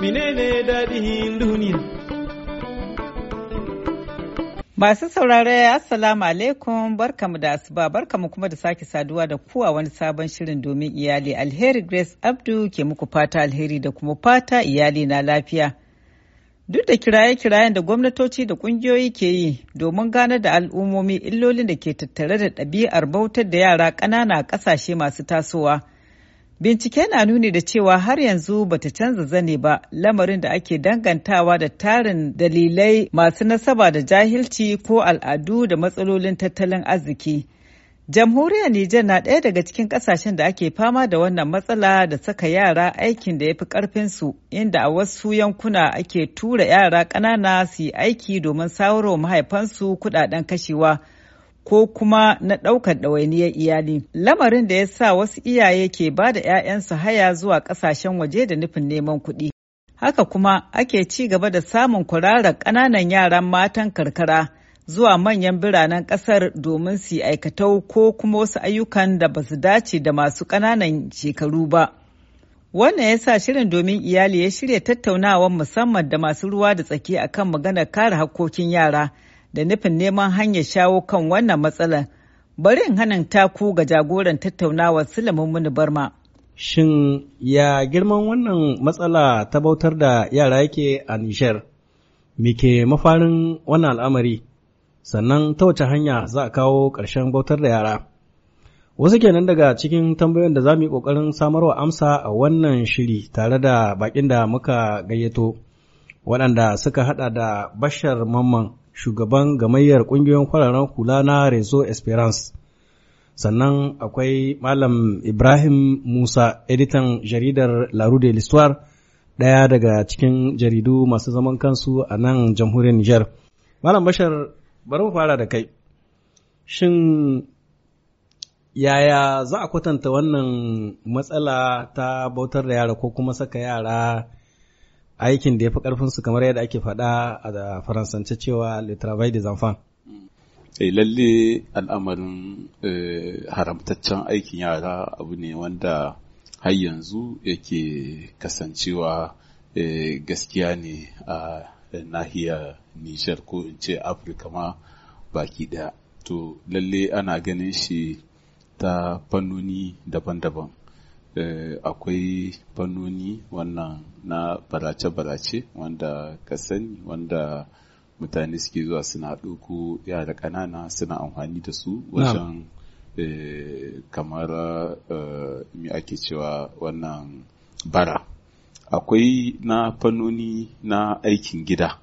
menene daɗin duniya. Masu saurare Assalamu alaikum barkamu da asuba barkamu kuma da sake saduwa da kuwa wani sabon shirin domin iyali alheri Grace Abdu ke muku fata alheri da kuma fata iyali na lafiya. Duk da kiraye-kirayen da gwamnatoci da kungiyoyi ke yi domin gane da al'ummomi illolin da ke tattare da ɗabi'ar bautar da yara ƙanana a ƙasashe masu tasowa. Bincike na nuni da cewa har yanzu bata canza zane ba lamarin da ake dangantawa da tarin dalilai masu nasaba da jahilci ko al'adu da matsalolin tattalin arziki. Jamhuriyar Nijar na ɗaya daga cikin ƙasashen da ake fama da wannan matsala da saka yara aikin da ya fi ƙarfinsu inda a wasu yankuna ake tura yara ƙanana su yi aiki domin sauro mahaifansu kuɗaɗen kashewa. ko kuma na ɗaukar ɗawainiyar iyali lamarin da ya sa wasu iyaye ke ba da 'ya'yansu haya zuwa ƙasashen waje da nufin neman kuɗi haka kuma ake ci gaba da samun kwararar ƙananan yaran matan karkara zuwa manyan biranen ƙasar domin su aikatau ko kuma wasu ayyukan da ba su dace da masu ƙananan shekaru ba wannan ya sa shirin domin iyali ya shirya tattaunawa musamman da masu ruwa da tsaki akan maganar kare hakkokin yara da nufin neman hanyar shawo kan wannan matsalar bari in hanan taku ga jagoran tattaunawar silamin muni barma shin ya girman wannan matsala ta bautar da yara yake a nishar ke mafarin wannan al'amari sannan ta wace hanya za a kawo ƙarshen bautar da yara wasu kenan daga cikin tambayoyin da za mu yi ƙoƙarin samarwa amsa a wannan shiri tare da baƙin da muka gayyato waɗanda suka haɗa da bashar mamman shugaban gamayyar ƙungiyoyin kwararen hula na Rezo Esperance. Sannan akwai Malam Ibrahim Musa, editan jaridar Laru de l'Histoire, ɗaya daga cikin jaridu masu zaman kansu a nan jamhuriyar Nijar. Malam Bashar, bari mu fara da kai. Shin yaya za a kwatanta wannan matsala ta bautar da yara ko kuma saka yara aikin da ya fi ƙarfinsu kamar yadda ake faɗa a faransance cewa le travail des enfants. Eh, lalle al'amarin eh, haramtaccen aikin yara abu ne wanda har yanzu yake kasancewa eh, gaskiya ne a nahiyar Nijar ko in ce Afirka ma baki ɗaya. To lalle ana ganin shi ta fannoni daban-daban. Akwai fannoni wannan na barace-barace wanda ka sani wanda mutane suke zuwa suna ko yara ƙanana suna amfani da su wajen eh, kamar eh, me ake cewa wannan bara akwai na fannoni na aikin gida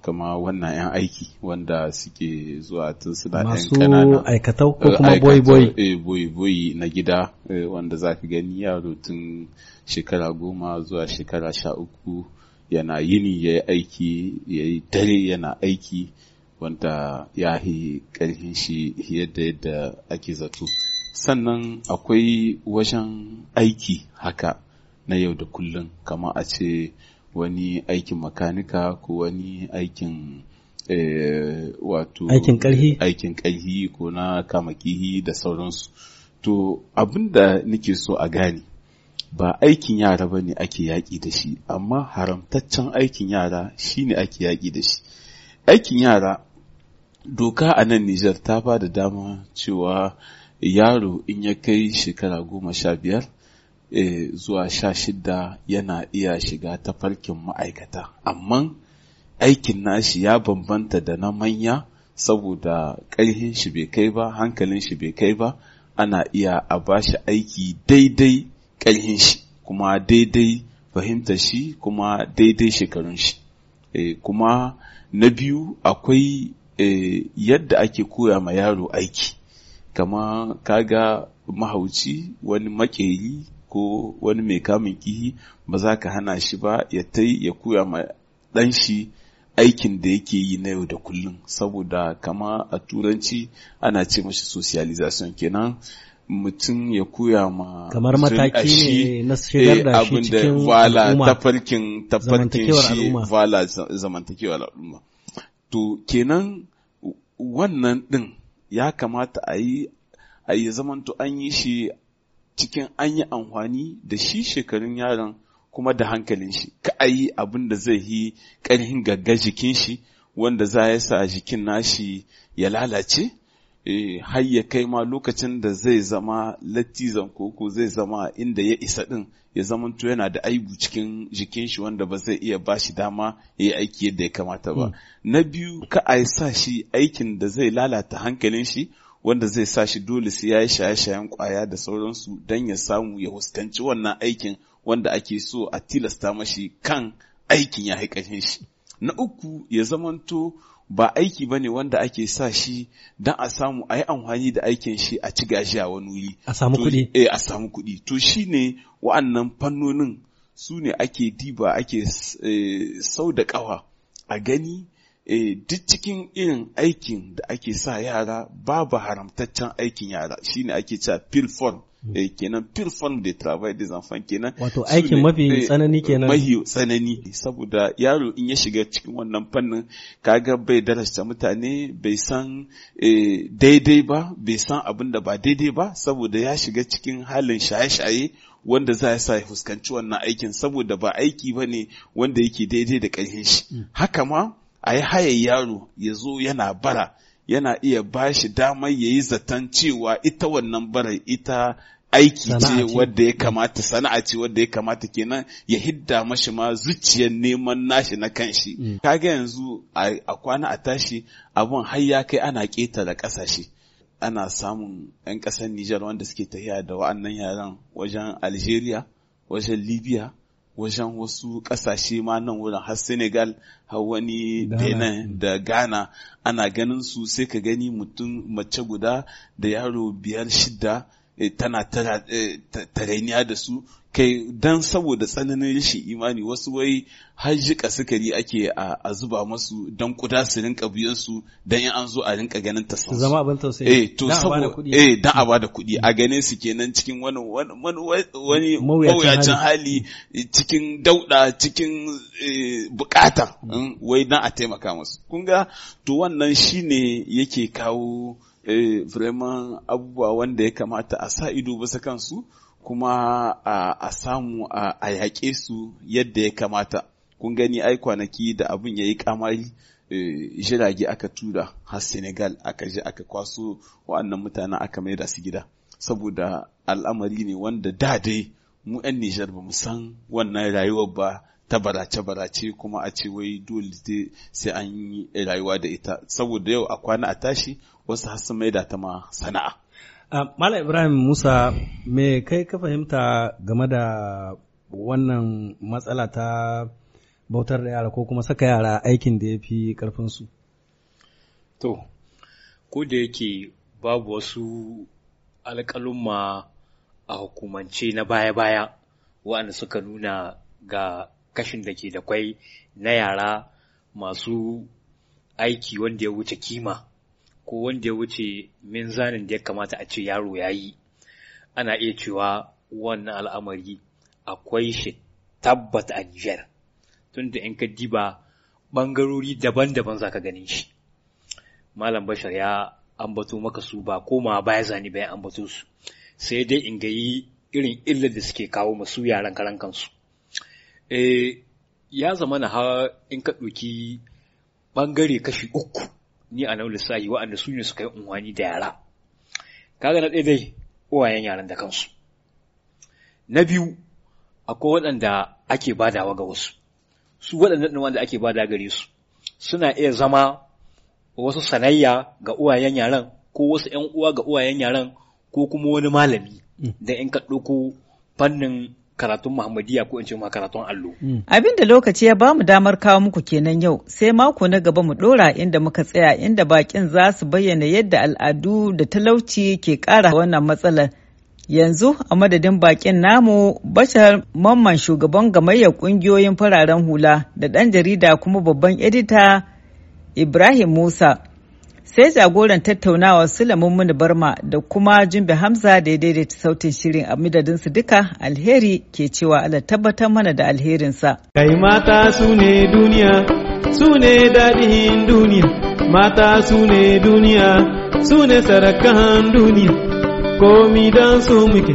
kama wannan 'yan aiki wanda suke zuwa tun suna 'yan kanana. Masu aikatau ko kuma boyi eh, na gida eh, wanda za ka gani yaro tun shekara goma zuwa shekara sha uku yana yini ya yi aiki ya yi dare yana aiki wanda ya yi ƙarfin shi yadda yadda ake zato. Sannan akwai wajen aiki haka na yau da kullum kama a ce wani aikin makanika ko wani aikin eh, wato aikin karhi ko na kamakihi da sauransu to abinda nake so a gane ba aikin yara ba ne ake yaƙi da shi amma haramtaccen aikin yara shi ne ake yaƙi da shi aikin yara doka a nan Nijar ta ba da dama cewa yaro in ya kai shekara goma sha biyar e, zuwa sha shida yana iya shiga tafarkin ma'aikata amma aikin nashi ya bambanta da na manya saboda ƙarhin shi bai kai ba hankalin shi bai kai ba ana iya a ba shi aiki daidai ƙarhin shi kuma daidai fahimta shi kuma daidai shekarun shi e, kuma na biyu akwai e, yadda ake koya ma yaro aiki kama kaga mahauci wani makeri ko wani mai kamun kihi ba za ka hana shi ba ya tai ya koya ma ɗan shi aikin da yake yi na yau da kullum saboda kama a turanci ana ce mashi socialization kenan mutum ya koya ma kamar mataki ne na shigar da eh, shi cikin vala tafarkin tafarkin shi vala zamantakewar al'umma to kenan wannan din ya kamata a yi a yi zamanto an yi shi cikin an yi amfani da shi shekarun yaron kuma da hankalin shi ka a yi abin da zai yi ƙarhin gagga jikin shi wanda za ya sa jikin nashi ya lalace eh, har ya kai ma lokacin da zai zama lattizan koko zai zama inda ya isa ɗin ya zamanto yana da aibu cikin jikin shi wanda ba zai iya ba shi dama ya yi aiki yadda ya kamata ba. Hmm. Na biyu ka a sa shi aikin da zai lalata hankalin shi wanda zai sa shi dole sai ya yi shaye-shayen kwaya da sauransu don ya samu ya fuskanci wannan aikin wanda ake so a tilasta mashi kan aikin ya haikashin shi. Na uku ya zamanto ba aiki ba ne wanda ake sa shi don a samu a yi amfani da aikin shi a ci gashi a wani wuri. A samu kuɗi. Eh, a samu kuɗi. To shi ne wa'annan fannonin su ne ake diba ake eh, sau da ƙawa a gani Eh, duk cikin irin aikin da ake sa yara babu haramtaccen aikin yara shine ake cewa pill form hmm. eh kenan pill form de travail des enfants kenan wato aikin mafi eh, tsanani kenan mafi tsanani saboda yaro in ya shiga cikin wannan fannin kaga bai darasta mutane bai san eh, daidai ba bai san abin da ba daidai ba saboda ya shiga cikin halin shaye-shaye wanda za sa ya fuskanci wannan aikin saboda ba aiki ba ne wanda yake daidai da ƙarfin shi hmm. haka ma a yi haye yaro ya zo yana bara yana iya ba shi damar ya yi zaton cewa ita wannan bara ita aiki ce wadda ya kamata sana'a ce wadda ya kamata kenan ya hidda mashi ma zuciyar neman nashi na kanshi shi mm. kaga yanzu a kwana a tashi abun har ya kai ana keta da ƙasashe ana samun 'yan ƙasar Nijar wanda suke tafiya da wa'annan yaran wajen Algeria wajen Libya wajen wasu ƙasashe ma nan wurin har Senegal har wani Benin da Ghana ana ganin su sai ka gani mutum mace guda da yaro biyar shida Eh, tana eh, tarainiya da su kai dan saboda tsananin shi imani wasu wai har jika sukari ake a zuba masu dan kuda su rinka biyan su dan in an zo a rinka ganin ta su. zama abin tausayi eh to saboda eh dan a bada kuɗi a ganin su kenan cikin wani wani mawuyacin hali cikin dauda cikin eh, bukata mm. wai dan a taimaka musu kun ga to wannan shine yake kawo Eh, vraiment abubuwa wanda ya kamata a sa ido bisa kansu kuma a samu a yaƙe su yadda ya kamata kun gani ai kwanaki da abin ya yi kamari eh, jirage aka tura har senegal aka je aka kwaso wa'annan mutanen aka da su gida saboda al'amari ne wanda da dai mu 'yan nijar ba san wannan rayuwar ba ta barace-barace kuma a ce wai dole sai an yi rayuwa da ita saboda yau a kwana a tashi wasu har sun maida ta ma sana'a. Mala Ibrahim Musa me kai ka fahimta game da wannan matsala ta bautar da yara ko kuma saka yara aikin da ya fi ƙarfinsu? To, ko da yake babu wasu alƙalumma a hukumance na baya-baya waɗanda suka nuna ga kashin da ke da kwai na yara masu aiki wanda ya wuce kima ko wanda ya wuce minzanin da ya kamata a ce yaro ya yi ana iya cewa wannan al'amari akwai shi tabbat a Nijar tunda in ka diba ɓangarori daban-daban za ka ganin shi malam bashar ya ambato maka su ba koma baya zani bayan ambato su sai dai in ga yi irin illar da suke kawo masu yaran karan kansu Eh, ya zama na ha in ka ɗauki ɓangare kashi uku ni a nan lissahi wa'anda su ne suka yi unwani da yara. Kaga na ɗaya dai uwayen yaran da kansu. Na biyu akwai waɗanda ake badawa ga wasu. Su waɗannan wanda ake bada gare su suna iya zama wasu sanayya ga uwayen yaran ko wasu ‘yan uwa ga uwayen yaran ko kuma wani malami mm. da ‘yan ka ɗauko fannin karatun Muhammadiyya ko in ce karatun allo. Hmm. Abin da lokaci ya bamu damar kawo muku kenan yau sai mako na gaba mu dora inda muka tsaya inda bakin za su bayyana yadda al'adu da talauci ke kara wannan matsalar. Yanzu a madadin bakin namu bashar mamman shugaban gamayyar kungiyoyin fararen hula da ɗan jarida kuma babban edita Ibrahim Musa. sai jagoran tattaunawa sulamun muni barma da kuma jimbe hamza da ya daidaita sautin shirin a midadinsu duka alheri ke cewa ala tabbatar mana da alherinsa kai mata su ne duniya su ne daɗin duniya mata su ne duniya su ne sarakan duniya komi don su muke